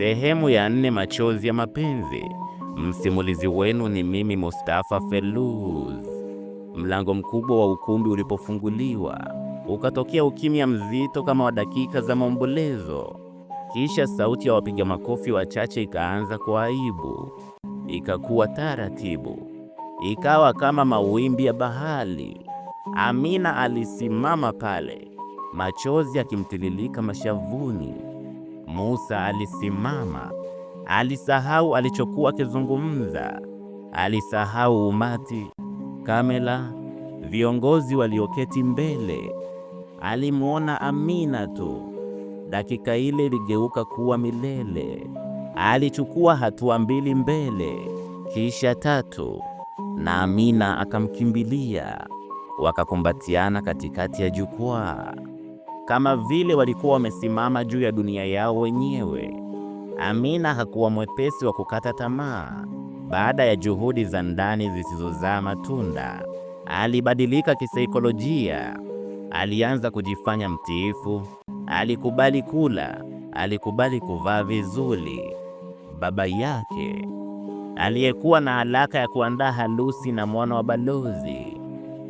Sehemu ya nne, machozi ya mapenzi. Msimulizi wenu ni mimi Mustafa Feluz. Mlango mkubwa wa ukumbi ulipofunguliwa, ukatokea ukimya mzito kama wa dakika za maombolezo. Kisha sauti ya wapiga makofi wachache ikaanza kwa aibu, ikakuwa taratibu, ikawa kama mawimbi ya bahari. Amina alisimama pale, machozi akimtililika mashavuni. Musa alisimama, alisahau alichokuwa akizungumza, alisahau umati, kamera, viongozi walioketi mbele. Alimwona Amina tu. Dakika ile iligeuka kuwa milele. Alichukua hatua mbili mbele, kisha tatu, na Amina akamkimbilia, wakakumbatiana katikati ya jukwaa kama vile walikuwa wamesimama juu ya dunia yao wenyewe. Amina hakuwa mwepesi wa kukata tamaa. Baada ya juhudi za ndani zisizozaa matunda, alibadilika kisaikolojia. Alianza kujifanya mtiifu, alikubali kula, alikubali kuvaa vizuri. Baba yake aliyekuwa na alaka ya kuandaa harusi na mwana wa balozi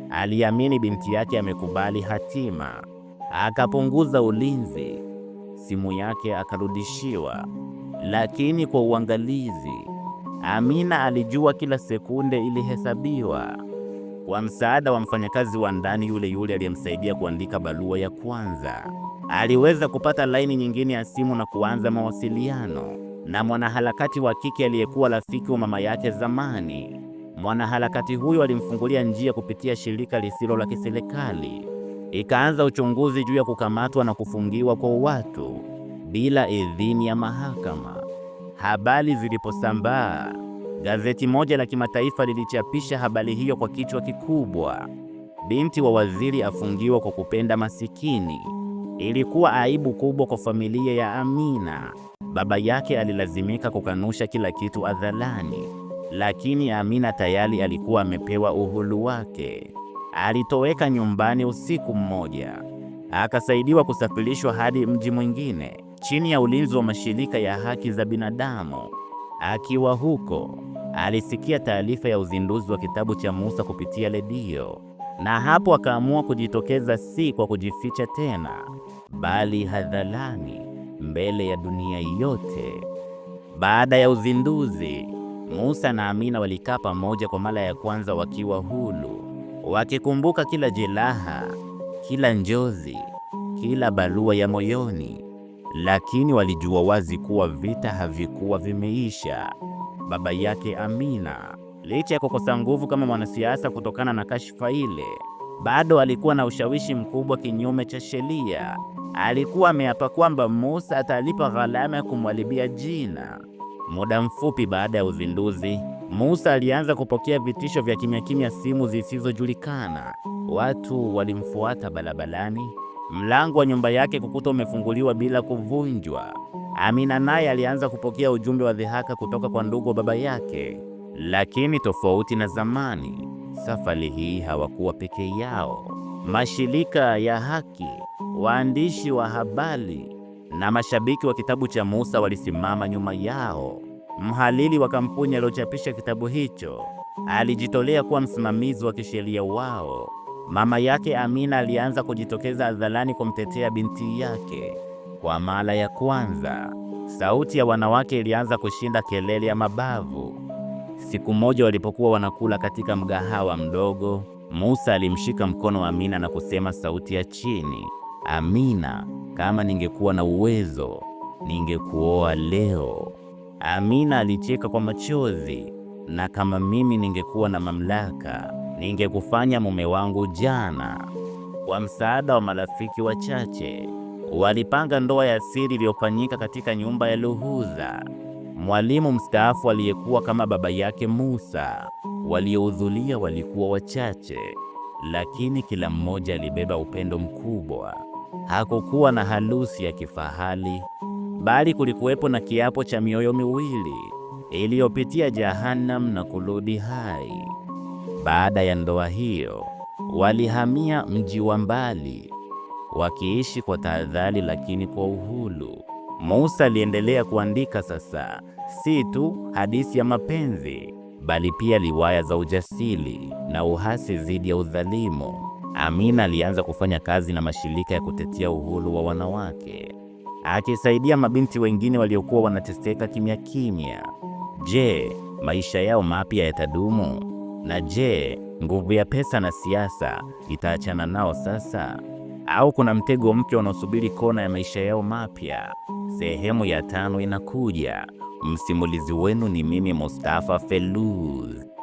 aliamini binti yake amekubali hatima akapunguza ulinzi, simu yake akarudishiwa, lakini kwa uangalizi. Amina alijua kila sekunde ilihesabiwa. Kwa msaada wa mfanyakazi wa ndani yule yule aliyemsaidia kuandika barua ya kwanza, aliweza kupata laini nyingine ya simu na kuanza mawasiliano na mwanaharakati wa kike aliyekuwa rafiki wa mama yake zamani. Mwanaharakati huyo alimfungulia njia kupitia shirika lisilo la kiserikali ikaanza uchunguzi juu ya kukamatwa na kufungiwa kwa watu bila idhini ya mahakama. Habari ziliposambaa, gazeti moja la kimataifa lilichapisha habari hiyo kwa kichwa kikubwa, binti wa waziri afungiwa kwa kupenda masikini. Ilikuwa aibu kubwa kwa familia ya Amina. Baba yake alilazimika kukanusha kila kitu hadharani, lakini Amina tayari alikuwa amepewa uhuru wake alitoweka nyumbani usiku mmoja, akasaidiwa kusafirishwa hadi mji mwingine chini ya ulinzi wa mashirika ya haki za binadamu. Akiwa huko, alisikia taarifa ya uzinduzi wa kitabu cha Musa kupitia redio, na hapo akaamua kujitokeza, si kwa kujificha tena, bali hadharani mbele ya dunia yote. Baada ya uzinduzi, Musa na Amina walikaa pamoja kwa mara ya kwanza wakiwa huru wakikumbuka kila jeraha, kila njozi, kila barua ya moyoni, lakini walijua wazi kuwa vita havikuwa vimeisha. Baba yake Amina, licha ya kukosa nguvu kama mwanasiasa kutokana na kashfa ile, bado alikuwa na ushawishi mkubwa kinyume cha sheria. Alikuwa ameapa kwamba Musa atalipa gharama ya kumwalibia jina. Muda mfupi baada ya uzinduzi Musa alianza kupokea vitisho vya kimya kimya, simu zisizojulikana. Watu walimfuata barabarani, mlango wa nyumba yake kukuta umefunguliwa bila kuvunjwa. Amina naye alianza kupokea ujumbe wa dhihaka kutoka kwa ndugu wa baba yake, lakini tofauti na zamani, safari hii hawakuwa peke yao. Mashirika ya haki, waandishi wa habari na mashabiki wa kitabu cha Musa walisimama nyuma yao. Mhalili wa kampuni aliyochapisha kitabu hicho alijitolea kuwa msimamizi wa kisheria wao. Mama yake Amina alianza kujitokeza hadharani kumtetea binti yake. Kwa mara ya kwanza, sauti ya wanawake ilianza kushinda kelele ya mabavu. Siku moja walipokuwa wanakula katika mgahawa mdogo, Musa alimshika mkono wa Amina na kusema sauti ya chini, Amina, kama ningekuwa na uwezo, ningekuoa leo. Amina alicheka kwa machozi, na kama mimi ningekuwa na mamlaka, ningekufanya mume wangu jana. Kwa msaada wa marafiki wachache, walipanga ndoa ya siri iliyofanyika katika nyumba ya Luhuza, mwalimu mstaafu aliyekuwa kama baba yake Musa. Waliohudhuria walikuwa wachache, lakini kila mmoja alibeba upendo mkubwa. Hakukuwa na harusi ya kifahari bali kulikuwepo na kiapo cha mioyo miwili iliyopitia Jahannam na kurudi hai. Baada ya ndoa hiyo, walihamia mji wa mbali, wakiishi kwa tahadhari lakini kwa uhuru. Musa aliendelea kuandika sasa si tu hadithi ya mapenzi, bali pia riwaya za ujasiri na uhasi dhidi ya udhalimu. Amina alianza kufanya kazi na mashirika ya kutetea uhuru wa wanawake akisaidia mabinti wengine waliokuwa wanateseka kimya kimya. Je, maisha yao mapya yatadumu? Na je, nguvu ya pesa na siasa itaachana nao sasa, au kuna mtego mpya unaosubiri kona ya maisha yao mapya? Sehemu ya tano inakuja. Msimulizi wenu ni mimi Mustafa Feluz.